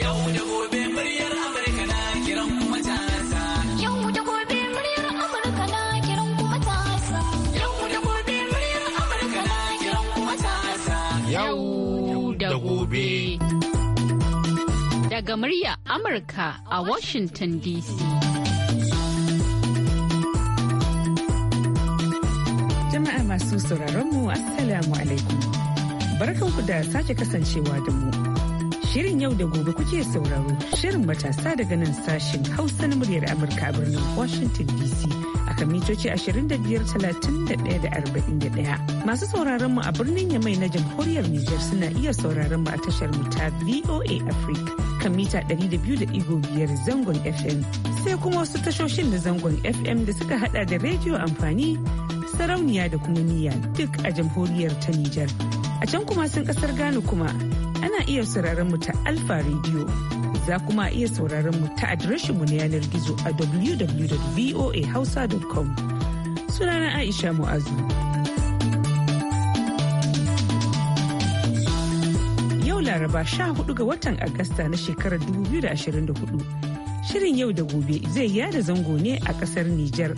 Yau da gobe muryar Amurka na kiran kuma ta Yau da gobe muryar Amurka na kiran kuma ta Yau da gobe muryar Amurka na kiran kuma ta Yau da gobe. Daga murya Amurka a Washington DC. Jama'a masu sauraron mu Assalamu alaikum. Barkanku da sake kasancewa da mu. Shirin yau da gobe kuke sauraro shirin matasa daga nan sashen Hausa na muryar Amurka a birnin Washington DC a kan mitoci 25-31-41. Masu sauraron mu a birnin Yamai na jamhuriyar Nijar suna iya sauraron mu a tashar mu VOA Africa kan mita 200.5 zangon FM. Sai kuma wasu tashoshin na zangon FM da suka hada da rediyo amfani sarauniya da kuma niyya duk a jamhuriyar ta Nijar. A can kuma sun kasar Ghana kuma ana iya sauraron mu ta Alfa Radio. Za kuma iya sauraron mu ta adireshin mu na yanar gizo a www.voahausa.com. Sunana Aisha Mu'azu. Yau Laraba 14 ga watan Agusta na shekarar 2024. Shirin yau da gobe zai yada zango ne a kasar Nijar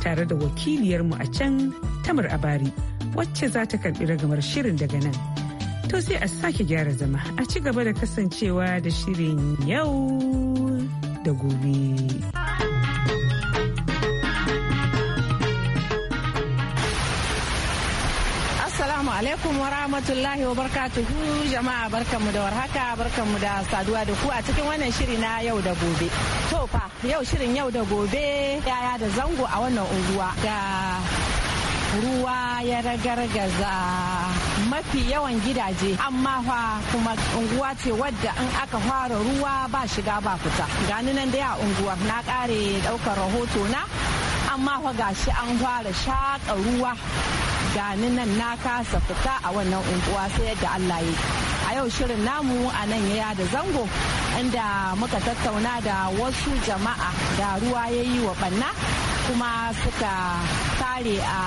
tare da wakiliyarmu a can Tamar Abari wacce za ta karbi ragamar shirin daga nan. To sai a sake gyara zama a ci gaba da kasancewa da shirin yau da gobe. Assalamu alaikum wa rahmatullahi wa barkatuhu jama'a barkanmu da warhaka barkanmu da saduwa da ku a cikin wannan shiri na yau da gobe. To fa yau shirin yau da gobe yaya da zango a wannan unguwa da ruwa ya ragargaza. mafi yawan gidaje amma fa kuma unguwa ce wadda in aka fara ruwa ba shiga ba fita gani nan dai a unguwa na kare daukar rahoto na amma fa gashi an fara shaka ruwa gani nan na kasa fita a wannan unguwa sai yadda Allah ya a yau shirin namu a nan ya da zango inda muka tattauna da wasu jama'a da ruwa ya yi wa banna kuma suka kare a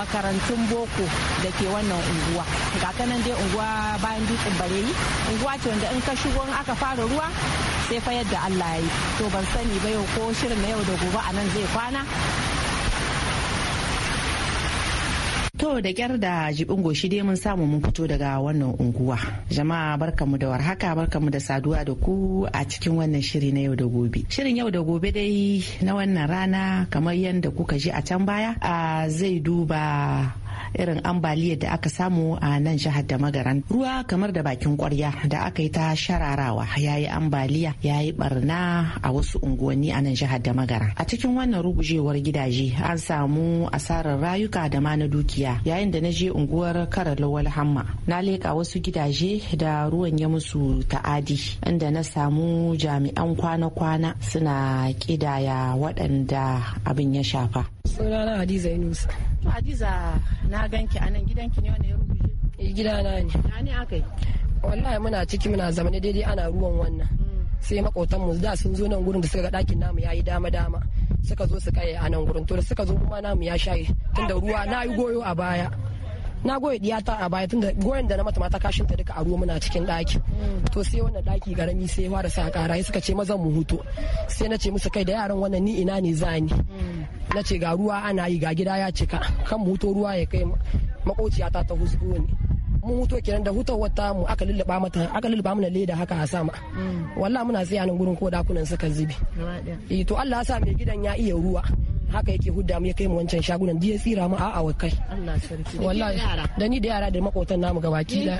makarantun boko da ke wannan unguwa ga kanan dai unguwa bayan dutsen yi unguwa ce wanda in ka shigo in aka fara ruwa sai fa yadda Allah ya yi to ban sani ba yau ko shirin na yau da gobe a nan zai kwana To da kyar da jibin goshi dai mun samu mun fito daga wannan unguwa. Jama'a barkamu da warhaka barkamu da saduwa da ku a cikin wannan shiri na yau da gobe. Shirin yau da gobe dai na wannan rana kamar yadda kuka ji a can baya a zai duba irin ambaliyar da aka samu a nan jihar da magaran ruwa kamar da bakin kwarya da aka yi ta shararawa ya yi ambaliya ya yi barna a wasu unguwanni a nan jihar da magaran a cikin wannan rugujewar gidaje an samu asarar rayuka da ma na dukiya yayin da na je unguwar kara lawal hamma na leka wasu gidaje da ruwan ya musu ta'adi inda na samu jami'an kwana-kwana suna kidaya waɗanda abin ya shafa sunana hadiza inusa hadiza na ganki a nan gidanki ne wanda ya rubuce eh, gida na ne na ne aka wallahi muna ciki muna zamane daidai ana ruwan wannan mm. sai makotanmu da sun zo nan gurin da suka ga ɗakin namu yayi dama dama suka zo su kaye a nan gurin to da suka zo kuma namu ya shaye tunda ruwa na yi goyo a baya na goya diyata a baya tunda goyon da na mata mata kashin ta duka a ruwa muna cikin daki to sai wannan daki garami sai fara sa kara suka ce mazan mu hutu sai na ce musu kai da yaran wannan ni ina ne zani na ce ga ruwa ana yi ga gida ya cika kan mu huto ruwa ya kai makociyata ta husgo ne mun huto kenan da hutar wata mu aka lulluba mata aka lulluba mana leda haka a sama wallahi muna tsaya nan gurin ko dakunan suka zubi eh, to Allah ya sa mai gidan ya iya ruwa haka yake hudda mu ya kai mu wancan shagunan ya tsira mu a'a wai kai wallahi da ni da yara da makotan namu gabaki da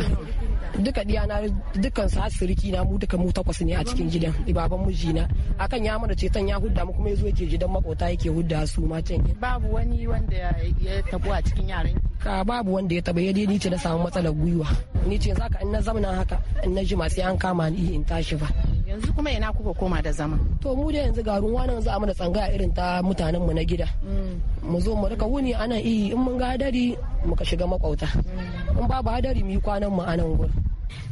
duka diyana dukkan su asiriki na mu duka mu takwas ne a cikin gidan baban na akan ya mana ceton ya hudda mu kuma yazo yake gidan makota yake hudda su ma can babu wani wanda ya tabo a cikin yaran ka babu wanda ya taba ya dai ni ce na samu matsalar gwiwa ni ce zaka in na zamana haka in na jima sai an kama ni in tashi ba yanzu kuma ina kuka koma da zama to mu da yanzu ga ruwa nan za a mana tsangaya irin ta mutanen mu na gida mm. mu zo mu rika wuni ana iyi in mun ga hadari muka shiga makwauta mm. in babu hadari mu yi kwanan mu anan gurin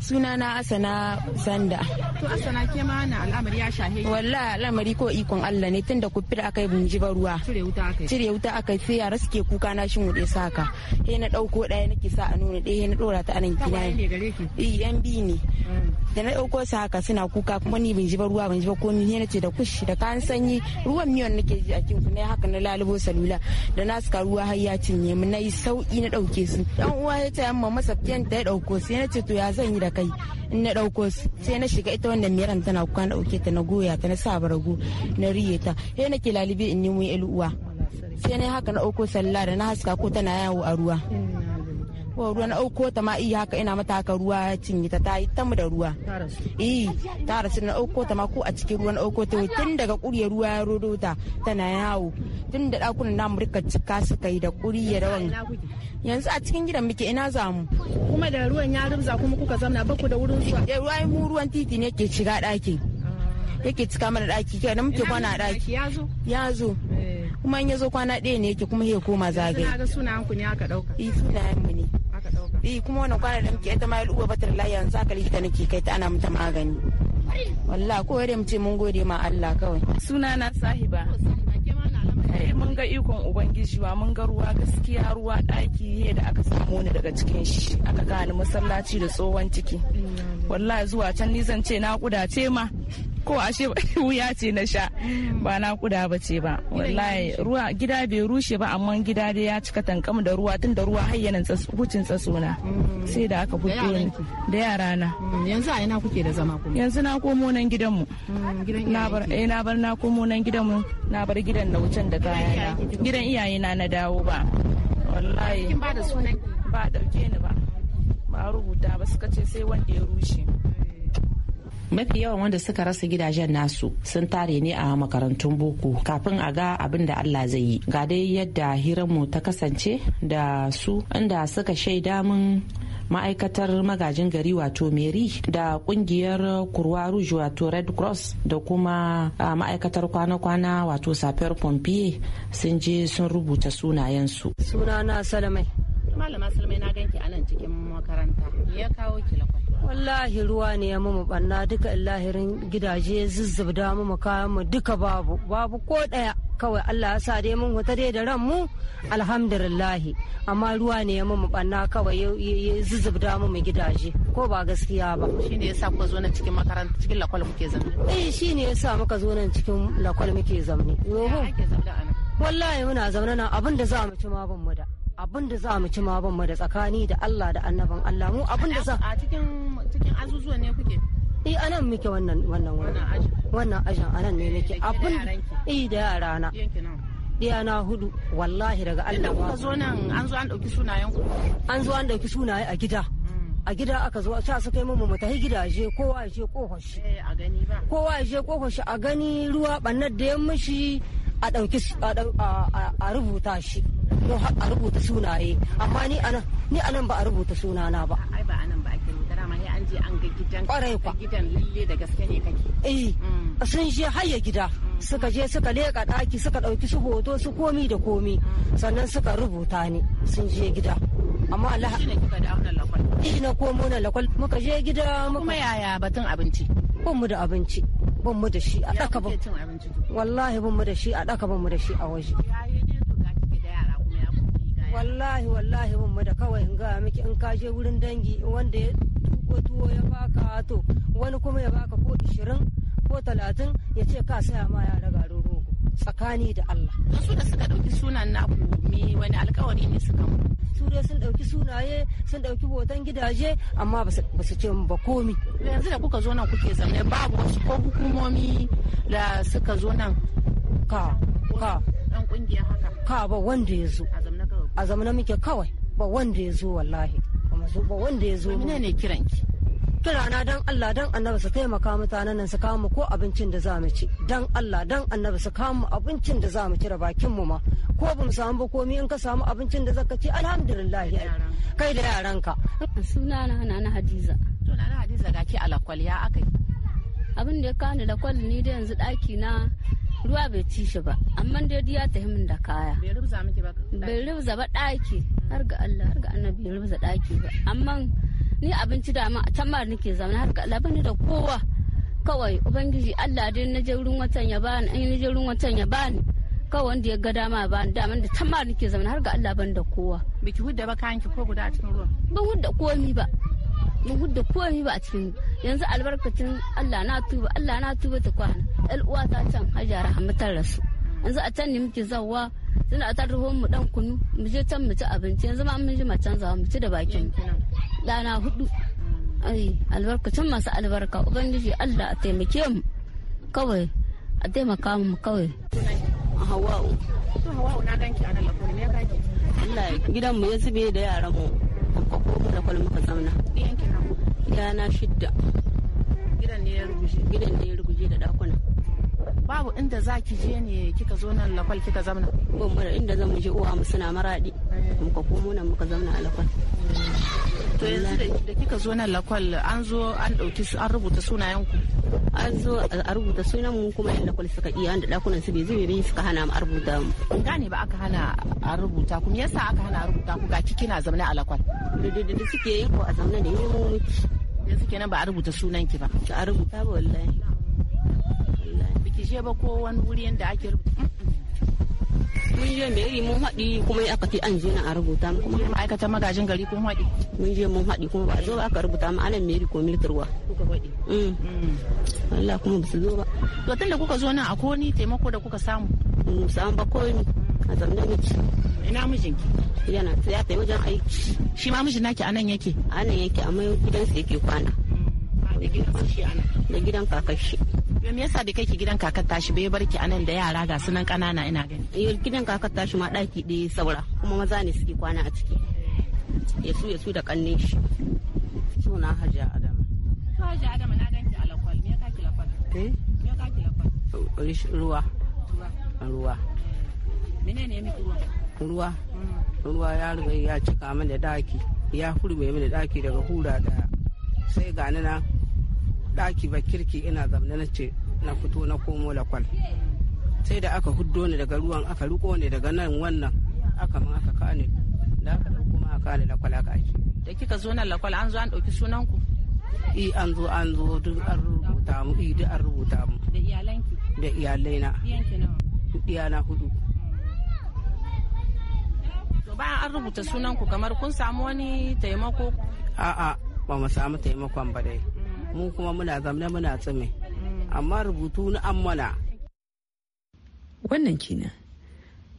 sunana asana sanda to asana ke ma na al'amari ya shahe wallahi al'amari ko ikon Allah ne tunda ku fira akai bin ji ba ruwa cire wuta akai cire wuta akai sai yara suke kuka na shin wude saka he na dauko daya nake sa a nuna daya na dora ta anan ki. eh yan bi ne hmm. da na dauko saka suna kuka kuma ni bin ji ba ruwa bin ji ko ni ne nace da kushi da kan sanyi ruwan miyon nake ji a kinku ne haka na lalubo salula da na suka ruwa har ya cinye mu nayi sauki na dauke su dan uwa ya ta amma ta ya dauko sai nace to ya zan yi da kai in na ɗauko sai na shiga ita wannan miran tana kuka na ɗauke ta na goya ta na sa barago na riye ta sai nake lalibe in nemo uwa sai na haka na ɗauko sallah da na haska ko tana yawo a ruwa ruwa na auko ta ma iya haka ina mata haka ruwa cinye ta ta yi tamu da ruwa eh ta rasu na auko ta ma ko a cikin ruwan auko ta tun daga kurya ruwa ya rodo ta tana yawo tun da dakunan namu rika cika su yi da kurya da wani yanzu a cikin gidan muke ina za mu kuma da ruwan ya rubza kuma kuka zamna ba ku da wurin zuwa eh ruwa mu ruwan titi ne ke shiga daki ah. yake cika mana daki kai da muke kwana daki ya zo eh. kuma in ya zo kwana ɗaya ne yake kuma ya koma zagaye suna ku ne aka dauka eh sunayen mu ne eh kuma wannan kwana da muke ita ma uba da layi yanzu haka likita nake kai ta ana mata magani wallahi ko mu ce mun gode ma Allah kawai suna oh, na sahiba eh, mun ga ikon ubangiji wa mun ga ruwa gaskiya ruwa daki ne da aka samu ni daga cikin shi aka gani masallaci da tsohon ciki wallahi zuwa can ni zan ce na kudace ma ko ashe wuya ce na sha mm. ba na kuda ba ce ba wallahi ruwa gida bai rushe ba amma gida dai ya cika tankam da ruwa tun da ruwa hayyana hucin tsasona mm. sai da aka buɗe ni da yara na mm. yanzu a ina kuke da zama kuma yanzu na komo nan gidan mu na bar eh na bar na komo nan gidan mu na bar gidan na wucin da kaya gidan iyaye na na dawo ba wallahi kin ba da sunan ba dauke ni ba ba rubuta ba suka ce sai wanda ya rushe mafi yawan wanda suka rasa gidajen nasu sun tare ne a makarantun boko kafin a ga abin da allah zai yi ga dai yadda hiranmu ta kasance da su inda suka shaida mun ma'aikatar magajin gari wato mary da kungiyar kurwa rouge wato red cross da kuma ma'aikatar kwana-kwana wato safiyar pompier sun je sun rubuta sunayensu sunana salamai malama salamai na ganki anan cikin makaranta ya kawo kilakwai wallahi ruwa ne ya mu banna duka lahirin gidaje zuzzubda mu kayan mu duka babu babu ko daya kawai Allah ya sa dai mun huta dai da ran mu alhamdulillahi amma ruwa ne ya mu banna kawai ya zuzzubda mu gidaje ko ba gaskiya ba shine yasa ku zo nan cikin makaranta cikin lakwal muke zamne eh shine yasa muka zo nan cikin lakwal muke zamne wallahi muna zaune nan abin da za mu ci ma ban mu da abin da za mu ci ma ban mu da tsakani da Allah da annaban Allah mu abin da za a cikin cikin ne kuke eh, anan muke wannan wannan wannan ajin anan ne muke abin eh da yara na na hudu wallahi daga Allah ba zo an zo an dauki sunaye a gida hmm. a gida aka zo sa suka yi mu mu tafi gidaje kowa ya je kofar eh, kowa ya je kofashi a gani ruwa bannar da ya mishi a dauki a rubuta shi ko a rubuta sunaye amma ni anan ni anan ba a rubuta sunana ba je an ga gidan kwarai kwa gidan lalle da gaske ne kake eh mm. sun je har ya gida mm. suka je suka leka daki suka dauki su hoto su komi da komi mm. sannan suka rubuta ni sun je gida amma Allah shine kika da auna lakwal eh na komo na lakwal muka je gida muka kuma yaya batun abinci ban mu da abinci ban mu da shi a daka ban wallahi ban mu da shi a daka ban mu da shi a waje wallahi wallahi mun da kawai in ga miki in kaje wurin dangi wanda ya. ko tuwo ya baka to wani kuma ya baka ko ishirin ko talatin ya ce ka saya ma yara garin rogo tsakani da Allah. su da suka ɗauki sunan naku me wani alkawari ne suka mu. Su dai sun ɗauki sunaye sun ɗauki hoton gidaje amma ba su ce ba komi. Yanzu da kuka zo nan kuke zaune babu wasu ko hukumomi da suka zo nan. Ka ka. Ɗan ƙungiya haka. Ka ba wanda ya zo. A zamana muke kawai ba wanda ya zo wallahi. zo ba wanda ya zo ne ne kiranki na dan Allah dan annabi su taimaka mutanen nan su kawo ko abincin da za mu ci dan Allah dan annabi su kawo abincin da za mu ci da bakin mu ma ko ba mu samu ba komai in ka samu abincin da zaka ci alhamdulillah kai da yaranka sunana na Hadiza to na Hadiza ga ki alakwal ya akai abin da ya kani da kwal ni da yanzu daki na ruwa bai ci shi ba amma dai ya tafi min da kaya bai rubza ba daki har ga Allah har ga annabi bai rubza daki ba amma ni abinci da ma tamma nake zama har ga Allah bani da kowa kawai ubangiji Allah dai na je wurin watan ya bani in na je wurin watan ya bani kawai wanda ya ga dama ba da da tamma nake zama har ga Allah ban da kowa biki hudda ba kanki ko guda cikin ruwan ban hudda komi ba mu da komai ba a cikin yanzu albarkacin Allah na tuba Allah na tuba ta kwana ɗan uwa ta can hajjar hamatar rasu yanzu a can ne muke zawa suna a tarho mu dan kunu mu je can mu ci abinci yanzu ma mun ji mu zawa mu ci da bakin dana hudu ai albarkacin masu albarka ubangiji Allah a taimake mu kawai a taimaka mu kawai hawa'u hawa'u na danki a nan lakwai ne ya baki Allah gidan mu ya zube da yaran mu ko ko da kullum ka zauna Yara shidda. Gidan ne ya ruguje. Gidan ne ya ruguje da dakuna. Babu inda za ki je ne kika zo nan lakwal kika zamna? Ban mara inda zan je uwa mu suna maraɗi. Eh. Muka komo nan muka zamna a lakwal. To yanzu da kika zo nan lakwal an zo an ɗauki an rubuta sunayen ku. An zo a rubuta sunan mu kuma yan lakwal suka iya da dakunan su bai zube bai suka hana mu a rubuta mu. ne ba aka hana a rubuta ku me yasa aka hana a rubuta ku ga kina zamna a lakwal. Da suke yi ko a zamna da yi mu yanzu kenan ba a rubuta sunan ki ba ki a rubuta ba wallahi wallahi biki je ba ko wani wuri yanda ake rubuta mun je mai iri mun haɗi kuma aka ce an je a rubuta mu kuma aikata magajin gari kun haɗi mun je mun haɗi kuma ba zo ba aka rubuta mu anan mai ko militarwa kuka haɗi mm. mm. Allah kuma ba su zo ba to tunda kuka zo nan a ko ni taimako da kuka samu mu samu ba ko ni a zamne ne ina mijinki yana ya tafi wajen aiki shi ma mijin naki anan yake anan yake amma sa yake kwana hmm, da gidan shi anan da gidan kakashi Yau me yasa da kake gidan kakar tashi bai barki anan da yara ga sunan kanana ina gani. Yau eh, gidan kakar tashi ma daki dai saura kuma maza ne suke kwana a ciki. Yasu yasu da kanne shi. Suna Hajiya Adama. Su Hajiya Adama na danki alakwal me ka ki lakwal? Eh? Me ka ki Ruwa. Ruwa. Ruwa. Menene ya miki ruwa? ruwa ruwa ya riga ya cika mana daki ya hurme mana daki daga hura daya sai gani na daki ba kirki ina zamne na ce na fito na komo lakwal sai da aka huddo ni daga ruwan aka riko ni daga nan wannan aka man aka kane da aka dauko ma aka kane lakwal aka ake. da kika zo nan lakwal an zo an dauki sunan ku i an zo an zo duk an rubuta mu i duk an rubuta mu da iyalanki da iyalaina iyana hudu bayan an rubuta sunan ku kamar kun samu wani taimako a'a ba mu samu taimakon ba dai mm. mu kuma muna zamne muna tsime mm. amma rubutu na ammana wannan kenan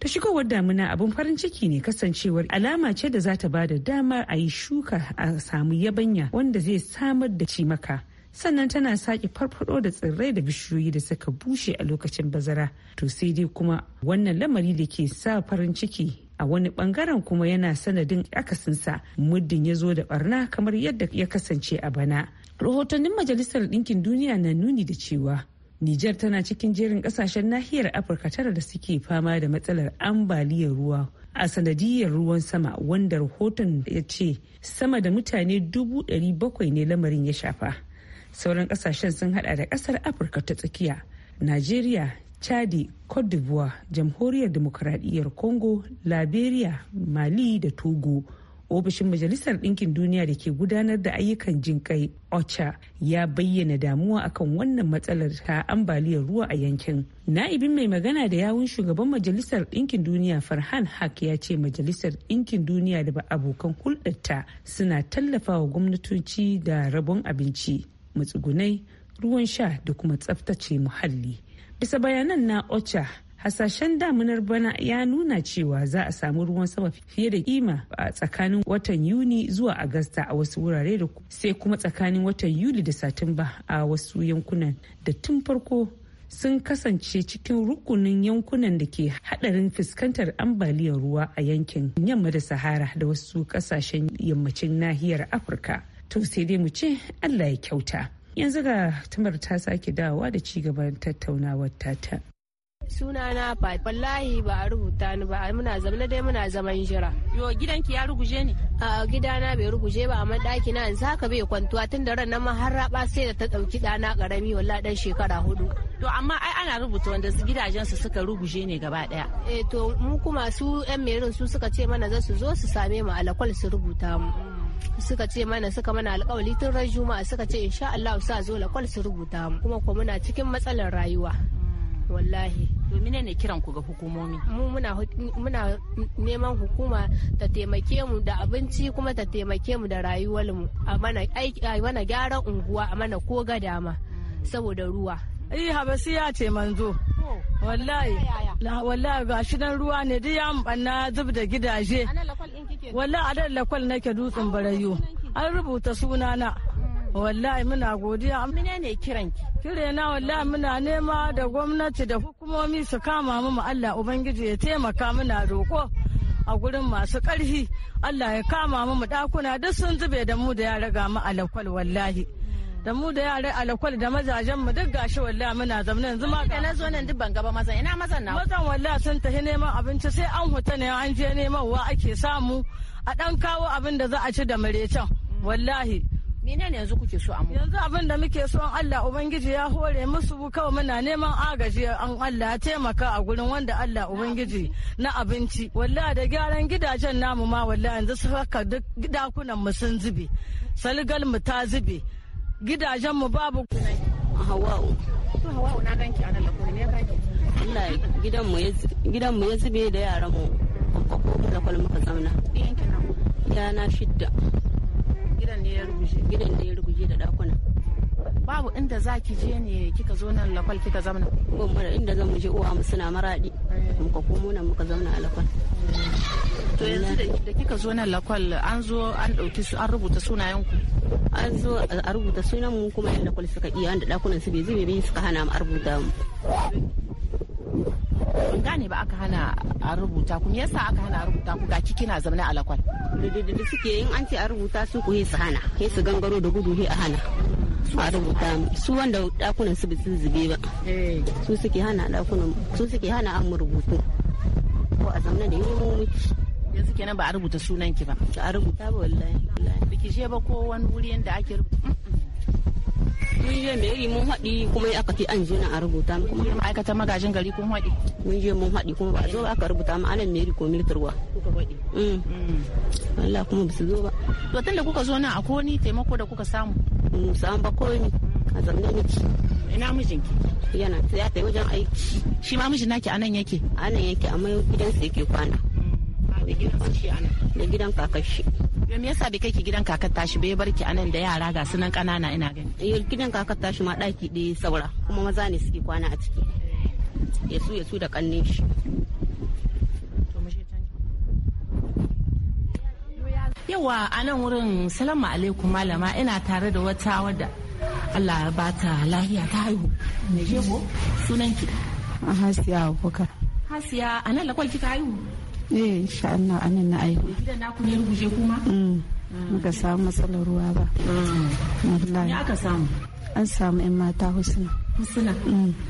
ta shigowar damuna abin farin ciki ne kasancewar alama ce da za ta ba da damar a yi shuka a samu yabanya wanda zai samar da cimaka sannan tana sake farfado da tsirrai da bishiyoyi da suka bushe a lokacin bazara to sai dai kuma wannan lamari da ke sa farin ciki a wani bangaren kuma yana sanadin akasinsa muddin ya zo da barna kamar yadda ya kasance a bana rahotannin majalisar ɗinkin duniya na nuni da cewa Nijar tana cikin jerin kasashen nahiyar Afirka tara da suke fama da matsalar ambaliyar ruwa a sanadiyar ruwan sama wanda rahoton ya ce sama da mutane dubu bakwai ne lamarin ya shafa. Sauran kasashen sun hada da kasar Afirka ta tsakiya, Najeriya, chadi cote d'ivoire jamhuriyar demokradiyyar congo liberia mali da togo ofishin majalisar ɗinkin duniya da ke gudanar da ayyukan jin kai ocha ya bayyana damuwa akan wannan matsalar ta ambaliyar ruwa a yankin na'ibin mai magana da yawun shugaban majalisar ɗinkin duniya farhan haq ya ce majalisar ɗinkin duniya da ba abokan hulɗarta suna tallafawa gwamnatoci da rabon abinci matsugunai ruwan sha da kuma tsaftace muhalli bisa bayanan na ocha hasashen damunar bana ya nuna cewa za a samu ruwan sama fiye da kima a tsakanin watan yuni zuwa agasta a wasu wurare da sai kuma tsakanin watan yuli da satumba a wasu yankunan da tun farko sun kasance cikin rukunin yankunan da ke hadarin fuskantar ambaliyar ruwa a yankin yamma da sahara da wasu kasashen yammacin nahiyar afirka to sai dai mu ce allah ya kyauta yanzu ga tumar ta sake dawowa da ci gaban tattaunawar tata suna na wallahi ba a rubuta ni ba muna dai muna zaman jira yo gidanki ya ruguje ne a gidana bai ruguje ba amma daki na yanzu haka bai kwantuwa tun da ran nan sai da ta dauki dana karami wallahi dan shekara hudu to amma ai ana rubuta wanda su gidajen su suka ruguje ne gaba daya eh to mu kuma su yan merin su suka ce mana za su zo su same mu alakwal su rubuta mu suka ce mana suka mana alkawali tun ran juma'a suka ce insha Allah sa zo lakwal su rubuta mu kuma ko muna cikin matsalar rayuwa wallahi to mine ne kiran ku ga hukumomi mu muna muna neman hukuma ta taimake mu da abinci kuma ta taimake mu da rayuwar mu a mana aiki a mana gyaran unguwa a mana ko ga dama saboda ruwa eh habasiya ce manzo wallahi wallahi shi dan ruwa ne duk ya banna zub da gidaje wallahi a dan lakwal nake dutsen barayu an rubuta sunana wallahi muna godiya mene ne kiran ki kire na wallahi muna nema da gwamnati da hukumomi su kama mu Allah ubangiji ya taimaka muna roko a gurin masu ƙarfi Allah ya kama mu dakuna duk sun zube da mu da ya raga mu a lakwal wallahi da mu da yare alakwal da mazajen mu duk gashi walla muna zamna yanzu ma da na zo nan duk ban gaba mazan ina mazan na mazan walla sun tafi neman abinci sai an huta ne an je neman wa ake samu a dan kawo abin da za a ci da murecen. Mm. wallahi menene yanzu kuke so a mu yanzu abin da muke so an Allah ubangiji ya hore musu kawai muna neman agaji an Allah ya taimaka a gurin wanda Allah ubangiji na abinci wallahi da gyaran gidajen namu ma wallahi yanzu su haka duk dakunan mu sun zube salgal mu ta zube gidajenmu babu hawa'u gidanmu ya zube da yaran mu ko da kwalmu ka zauna yana shidda gidan ne ya ruguje gidan ne ya ruguje da dakuna babu inda za ki je ne kika zo nan lakwal kika zauna ban inda zan je uwa mu suna maradi eh. muka komo nan muka zauna a lakwal to yanzu da kika zo nan lakwal an zo an ɗauki an rubuta sunayen ku an zo a rubuta sunan mu kuma yan lakwal suka iya wanda dakunan su bai zube bai suka hana mu a rubuta mu ban gane ba aka hana a rubuta ku yasa aka hana a rubuta ku gaci kina zaune a lakwal da suke yin an ce a rubuta su ku su hana he su gangaro da gudu he a hana a rubuta su wanda dakunan su bai zube ba eh. su suke hana dakunan su suke hana an mu rubutu ko a zamanin da yunwoyi yanzu kenan ba a rubuta sunan ki ba a rubuta ba wallahi biki je ba ko wani wuri yanda ake rubuta mun je mai yi mun haɗi kuma aka fi an je na a rubuta mu kuma ma'aikatan magajin gari kun haɗi mun je mun haɗi kuma ba zo aka rubuta mu anan mai ko militarwa kuka haɗi mm. mm. Allah kuma ba su zo ba to tunda kuka zo nan a ko ni taimako da kuka samu samu ba ko ni mm. a zamanin ki ina mijinki yana ya ta wajen aiki shi ma mijin naki anan yake anan yake amma gidansa yake kwana mm. da gidan kakashi anan gidan shi me yasa bai kai ki gidan kakar tashi bai bar ki anan da yara ga sunan kanana ina gani eh gidan kakar tashi ma daki ɗaya saura kuma maza ne suke kwana a ciki ya su da kanne shi yawa a nan wurin salamu alaikum malama ina tare da wata wadda Allah ya bata lahiya ta haihu me ko sunan ki Hasiya Abubakar Hasiya nan lakwal kika haihu eh insha Allah nan na haihu gidan naku ne rubuce kuma mm, muka samu matsalar ruwa ba. Ya mm. aka samu? An samu 'yan mata husna. husna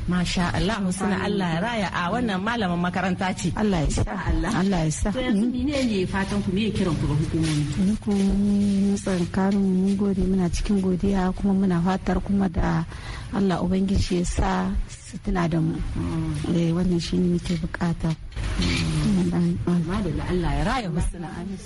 masha Allah husna Allah ya raya a wannan malamin makaranta ce Allah ya sa Allah ya sa to yanzu mm. ne fatan ku me kiran ku ga hukumomi ku tsankarin mun gode muna cikin godiya kuma muna fatar kuma da Allah ubangiji ya sa su tuna da mu mm. eh, wannan shine muke bukata mm. Allah ya raya husna amin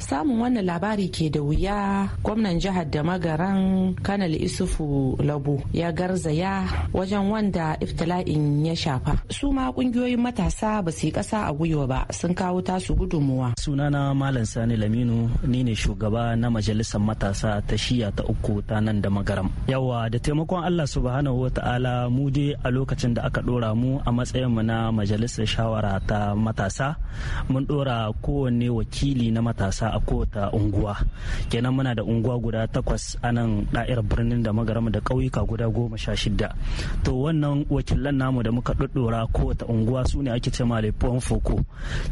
samun wannan labari ke da wuya gwamnan jihar da magaran kanal isufu labu ya garzaya wajen wanda iftila'in ya shafa su ma kungiyoyin matasa ba su yi kasa a gwiwa ba sun kawo tasu gudunmuwa sunana malam sani laminu ni ne shugaba na majalisar matasa ta shiya ta uku ta nan da magaram yawa da taimakon allah subhanahu wata'ala mu dai a lokacin da aka dora mu a matsayin mu na majalisar shawara ta matasa mun dora kowanne wakili na matasa a kowace unguwa kenan muna da unguwa guda takwas a nan da'irar birnin da magaramu da ƙauyuka guda goma sha shida to wannan wakilan namu da muka ɗuɗɗura kowata unguwa su ne ake ce ma foko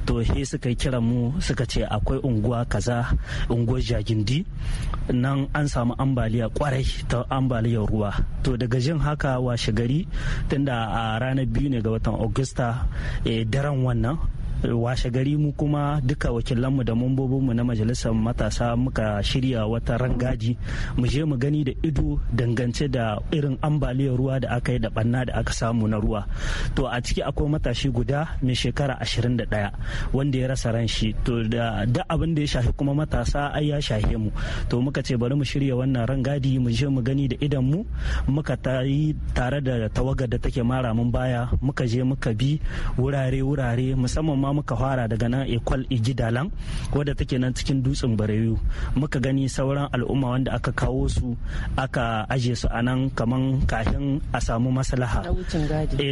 to he suka yi kiran mu suka ce akwai unguwa kaza unguwar jagindi nan an samu ambaliya kwarai ta ambaliyar ruwa to daga jin haka washe gari tunda a ranar biyu ne ga watan augusta eh, daren wannan washe gari mu kuma duka wakilanmu da mambobinmu na majalisar matasa muka shirya wata rangaji mu je mu gani da ido dangance da irin ambaliyar ruwa da aka yi da banna da aka samu na ruwa to a ciki akwai matashi guda mai shekara 21 wanda ya rasa ran shi to da abin da ya shafi kuma matasa ai ya shahe mu to muka ce bari mu shirya wannan rangadi mu je mu gani da idan mu muka ta yi tare da tawagar da take mara mun baya muka je muka bi wurare wurare musamman ma muka fara daga nan ekwal igidalan wadda take nan cikin dutsen barewu muka gani sauran al'umma wanda aka kawo su aka aje su a nan kamar kafin a samu maslaha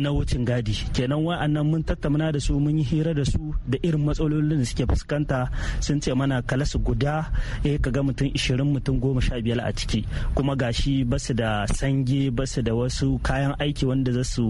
na wucin gadi eh, kenan wa'annan mun tattauna da su mun yi hira da su da irin matsalolin da suke fuskanta sun ce mana su guda eh ka ga mutum 20 mutum goma a ciki kuma gashi ba su da sange ba su da wasu kayan aiki wanda za su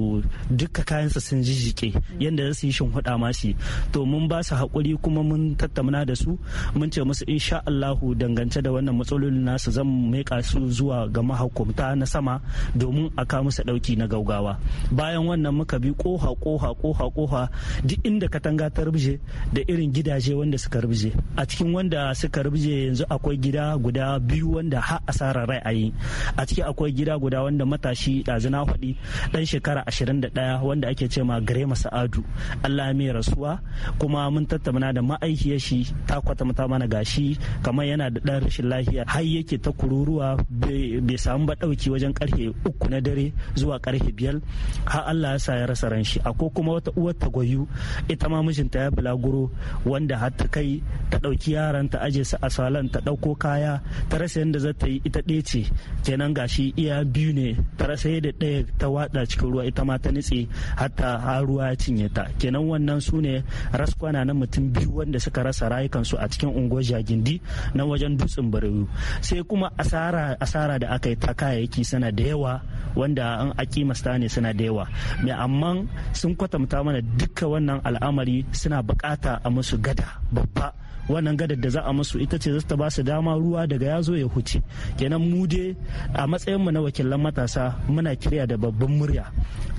duka kayansa sun jijjike yadda za su yi shin hudama shi to mun ba su haƙuri kuma mun tattauna da su mun ce musu insha Allahu dangance da wannan matsalolin nasu zan meka su zuwa ga mahakumta na sama domin a kawo musu ɗauki na gaugawa bayan wannan muka bi koha koha koha koha duk inda katanga ta da irin gidaje wanda suka rubuje a cikin wanda suka rubuje yanzu akwai gida guda biyu wanda har asara rai a yi a ciki akwai gida guda wanda matashi ɗazina faɗi ɗan shekara 21 wanda ake ce ma gare adu Allah mai rasuwa kuma mun tattauna da ma'aikiyar shi ta kwatanta mana gashi kamar yana da ɗan rashin lafiya har yake ta kururuwa bai samu ba ɗauki wajen karfe uku na dare zuwa karfe biyar har Allah ya sa ya rasa ran shi akwai kuma wata uwar ta gwayu ita ma mijinta ya bulaguro wanda har ta kai ta ɗauki yaran ta aje su a salon ta ɗauko kaya ta rasa yadda za ta yi ita ɗaya ce kenan gashi iya biyu ne ta rasa yadda ɗaya ta watsa cikin ruwa ita ma ta nitse har ta ruwa ya cinye ta kenan wannan su ne raskwana na mutum biyu wanda suka rasa rayukansu a cikin unguwar jagindi na wajen dutsen barewu sai kuma asara asara da aka yi ta kayayyaki suna da yawa wanda an masta ne suna da yawa mai amma sun kwatanta mana duka wannan al'amari suna bukata a musu gada babba wannan gadar da za a musu ita ce za ta ba su dama ruwa daga yazo ya huce kenan mu dai a matsayinmu na wakilan matasa muna kirya da babban murya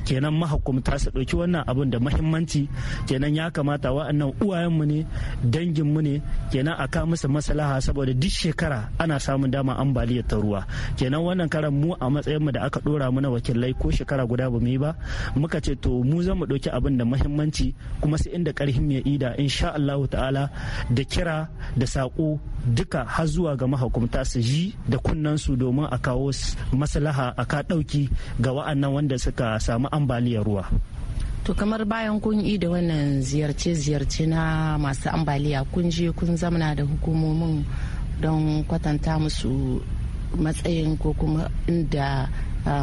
kenan mahakumta su ɗauki wannan abun da mahimmanci kenan ya kama. kamata wa'annan uwayenmu ne danginmu ne kenan a kawo musu maslaha saboda duk shekara ana samun dama ambaliyar ta ruwa kenan wannan karan mu a matsayinmu da aka dora mu na wakilai ko shekara guda ba mu yi ba muka ce to mu zamu ɗauki abin da muhimmanci kuma sai inda karhin ya ida insha Allahu ta'ala da kira da saƙo duka har zuwa ga mahukumta su ji da su domin a kawo maslaha aka ka ɗauki ga wa'annan wanda suka samu ambaliyar ruwa. to kamar bayan kun yi da wannan ziyarce-ziyarce na masu ambaliya kun je kun zamana da hukumomin don kwatanta musu matsayin ko kuma inda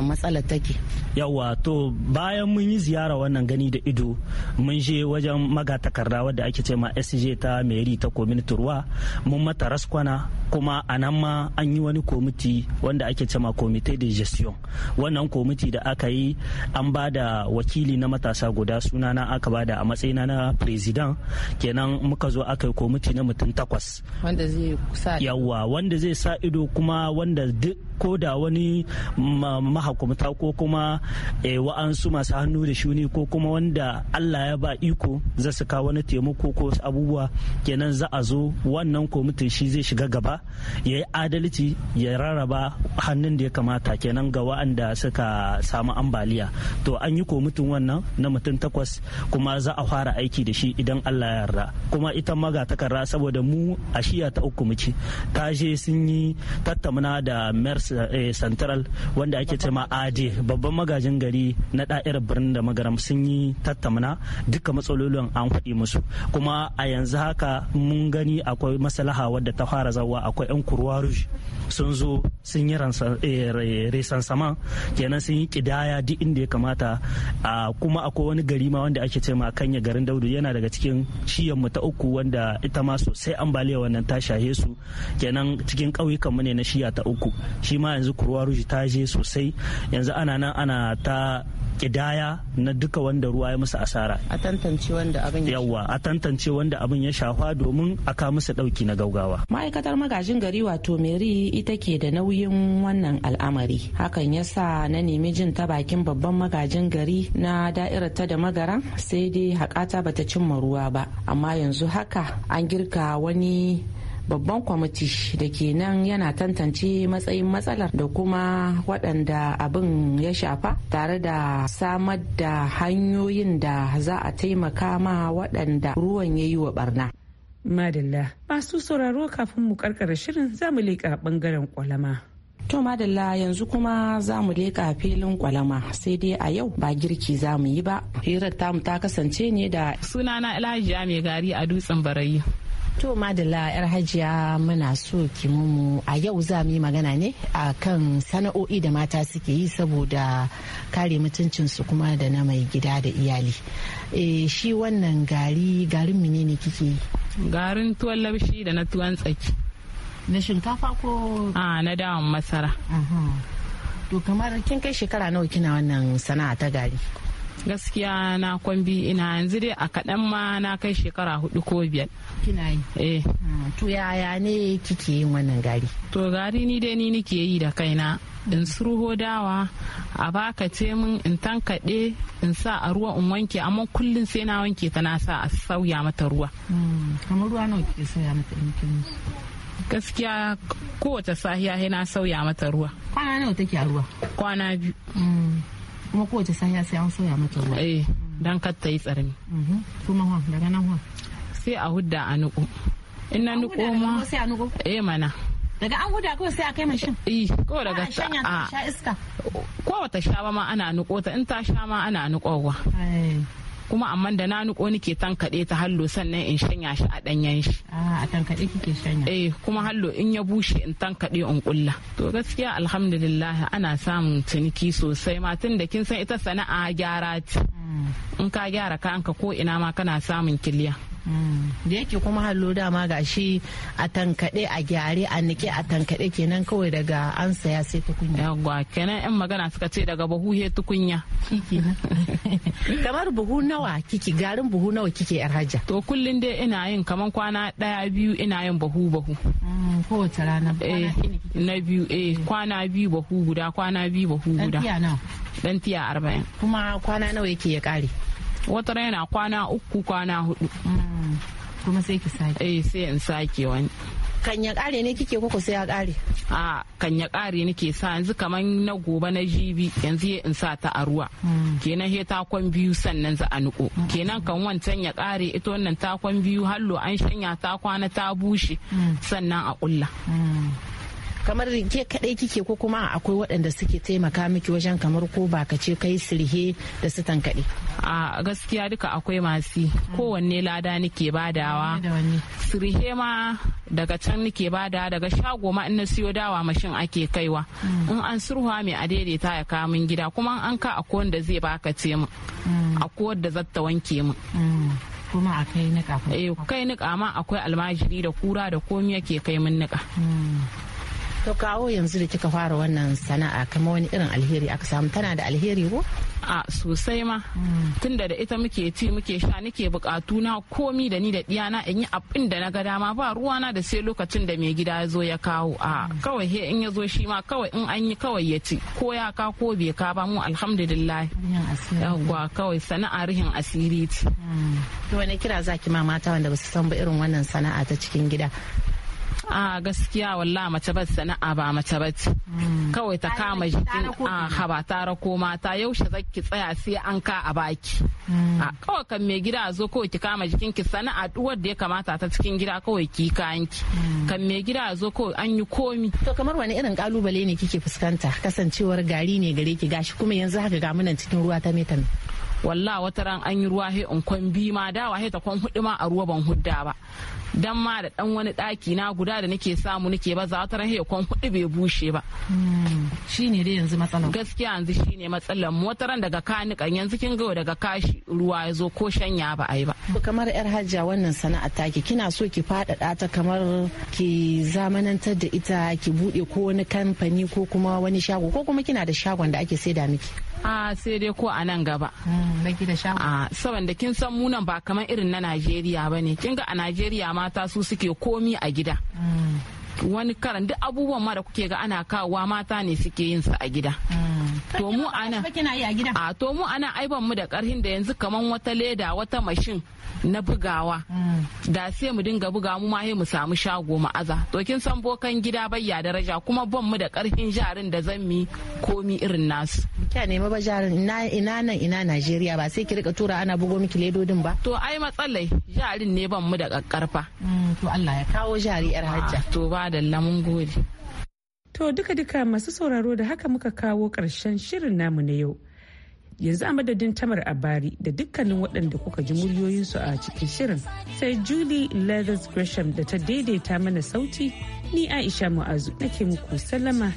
matsala take Yawwa to bayan mun yi ziyara wannan gani da ido mun je wajen magatakarda wadda ake ce ma sj ta meri ta community ruwa mun mata raskwana kuma a nan ma an yi wani komiti wanda ake cema komite de gestion wannan komiti da aka yi an ba da wakili na matasa guda suna na aka ba da a matsayina na president kenan muka zo aka yi komiti na mutum takwas wanda zai sa yawwa wanda zai sa ido kuma wanda duk ko da wani mahakumta ko kuma eh, wa'ansu masu hannu da shuni ko kuma wanda allah ya ba iko za su kawo wani taimako ko abubuwa kenan za a zo wannan kwamitin shi zai shiga gaba ya yi adalci ya rarraba hannun da ya kamata kenan ga wa'anda suka samu ambaliya to an yi kwamitin wannan na mutum takwas kuma za a fara aiki da shi idan allah ya yarda kuma ita maga takarra saboda mu a shiya ta uku muke ta je sun yi tattamuna da mers Eh, central wanda ake cema ade babban magajin gari na da'irar birnin da magaram sun yi tattauna duka matsalolin an faɗi musu kuma a yanzu haka mun gani akwai masalaha wadda ta fara zawa akwai 'yan kurwa sun zo sun yi eh, sama kenan sun yi kidaya duk inda ya kamata kuma akwai wani gari ma wanda ake cema kanya garin daudu yana daga cikin ciyan mu ta uku wanda ita ma sosai ambaliya wannan ta shahe su kenan cikin kauyukan mu ne na shiya ta uku shi ma yanzu kurwa ruji ta je sosai yanzu ana nan ana ta kidaya na duka wanda ruwa ya musu asara a tantance wanda abin ya yawa a tantance wanda abin ya shafa domin a ka musu dauki na gaugawa ma'aikatar magajin gari wato meri ita ke da nauyin wannan al'amari hakan yasa na nemi jin ta bakin babban magajin gari na da'irar ta da magaran sai dai hakata bata cimma ruwa ba amma yanzu haka an girka wani babban kwamiti da ke nan yana tantance matsayin matsalar da kuma waɗanda abin ya shafa tare da samar da hanyoyin da za a taimaka ma waɗanda ruwan ya yi wa barna. Madalla masu sauraro kafin mu karkara shirin zamu leƙa bangaren kwalama. To madalla yanzu kuma za mu leƙa filin kwalama sai dai a yau ba girki za mu yi ba. Hirar tamu ta kasance ne da sunana Elijah mai gari a dutsen barayi. To Madala yar hajiya muna so ki mumu a yau za mu yi magana ne a kan sana'o'i da mata suke yi saboda kare mutuncinsu kuma da na mai gida da iyali. E, shi wannan gari garin mine ne kike yi? Garin tuwon labshi da na tuwon tsaki. Na shinkafa ko? A na dawon masara. To kamar kin kai shekara nawa kina wannan sana'a ta gari? gaskiya na kwambi ina yanzu dai a kaɗan ma na kai shekara hudu ko biyar kina yi eh ah, to yaya ne kike yin wannan gari to gari ni dai ni nike yi da kaina in surho dawa a baka ce min in tankaɗe in sa a ruwa in wanke amma kullum sai na wanke ta na sa a sauya mata ruwa hmm, kamar ruwa nawa kike sauya mata in kin gaskiya kowace sahiya na sauya mata ruwa kwana nawa take a ruwa kwana biyu hmm. kuma kowace sahiya sai an soya mata ruwa eh dan kar ta yi tsarni kuma mhm. daga nan sai a hudda a nuku in na nuko ma eh mana daga an huda kawai sai a kai mashin eh ko daga ta a sha iska ko wata sha ma ana nuko ta in ta sha ma ana eh kuma amma da na nuko ke tankaɗe ta hallo sannan in shanya shi a ɗanyen shi. A tankaɗe kike shanya? Eh kuma hallo in ya bushe in tankaɗe in kulla. To gaskiya alhamdulillah ana samun ciniki sosai ma tun da kin san ita sana'a gyara ce. Mm. In ka gyara ka ko ina ma kana samun kiliya. Mm. da yake kuma hallo dama ga shi a tankaɗe a gyare a nike a tankaɗe kenan kawai daga an saya sai tukunya yawwa kenan yan magana suka ce daga buhu he tukunya kamar buhu nawa kiki garin buhu nawa kike yar hajja to kullun dai ina yin kaman kwana daya biyu ina yin buhu buhu mm, kowace rana eh, na biyu eh mm. kwana biyu buhu guda kwana biyu buhu guda dan tiya arba'in kuma kwana nawa yake ya kare wata yana kwana uku kwana hudu kuma sai ki sake eh sai in sake wani kan ya kare ne kike koko sai ya kare a kan ya kare nake sa yanzu kaman na gobe na jibi yanzu in sa ta a ruwa hmm. kenan he takon biyu sannan za a niko hmm. kenan kan wancan ya kare ita wannan takon biyu hallo an shanya ta kwana ta bushe hmm. sannan a kulla kamar ke kaɗai kike ko kuma akwai waɗanda suke taimaka miki wajen kamar ko baka ce kai sirhe da su tankaɗe a gaskiya duka akwai masu mm. kowanne lada nike badawa sirhe ma daga can nike badawa daga shago ma in siyo dawa mashin ake kaiwa mm. in an surhuwa mai a daidaita ya kamun gida kuma an ka akwai wanda zai baka ce mu mm. akwai wanda zata wanke mu kuma a eh, kai niƙa ma akwai almajiri da kura da komi yake kai mun niƙa. to kawo yanzu da kika fara wannan sana'a kama wani irin alheri aka samu tana da alheri ko a sosai ma hmm. tunda da ita muke ci muke sha nake bukatu na komi da ni da diyana in yi abin da na ga dama ba ruwa na da sai lokacin da mai gida ya zo ya kawo a hmm. kawai he in ya zo shi ma kawai in an yi kawai ya ci ko ya ka ko bai ka ba mu alhamdulillah yawwa kawai sana'a rihin asiri ce hmm. to wani kira zaki ma mata wanda ba su san ba irin wannan sana'a ta cikin gida a gaskiya walla mace ba sana'a ba mace ba hmm. kawai ta kama jikin a haba tara ko mata yaushe zaki tsaya sai an ka a baki hmm. a kawai kan mai gida zo kawai ki kama jikin ki sana'a duwar da ya kamata ta cikin gida kawai ki kayan ki hmm. kan mai gida zo kawai an yi komi to kamar wani irin kalubale ne kike fuskanta kasancewar gari ne gare ki gashi kuma yanzu haka ga munan cikin ruwa ta metan walla wata ran an yi ruwa he in kwan bi ma dawa he ta kwan hudu ma a ruwa ban hudda ba dan ma da dan wani daki na guda da nake samu nake ba za ta rahe kon bai bushe ba hmm. shine dai yanzu matsalar gaskiya yanzu shine matsalar mu wata daga kanikan yanzu kin ga daga kashi ruwa ya ko shanya ba ai ba kamar yar hajja wannan sana'a taki kina so ki faɗaɗa ta kamar ki zamanantar da ita ki buɗe ko wani kamfani ko kuma wani shago ko kuma kina da shagon da ake saida miki a sai dai ko a nan gaba hmm, na gida shago a saboda kin san munan ba kamar irin na Najeriya bane kin ga a Najeriya ma mata su suke komi a gida mm. wani karan duk abubuwan ma da kuke ga ana kawowa mata ne suke yin su a gida mm. to mu ana a ah, to mu ana aiban mu da karhin da yanzu kaman wata leda wata mashin na bugawa mm. da sai mu dinga buga mu ma mu samu shago ma'aza to kin san bokan gida bayya daraja kuma ban mu da karhin jarin da zan mi komi irin nasu kya nemi ba jarin ina ina nan ina Najeriya ba sai ki rika tura ana bugo miki ledodin ba to ai matsalai jarin ne ban mu da kakkarfa mm, to Allah ya kawo jari yar ah, hajja to ba madalla mun gode to duka-duka masu sauraro da haka muka kawo ƙarshen shirin namu na yau yanzu a madadin tamar abari da dukkanin waɗanda kuka ji muryoyinsu a cikin shirin sai julie leathers gresham da ta daidaita mana sauti ni aisha mu'azu nake muku sallama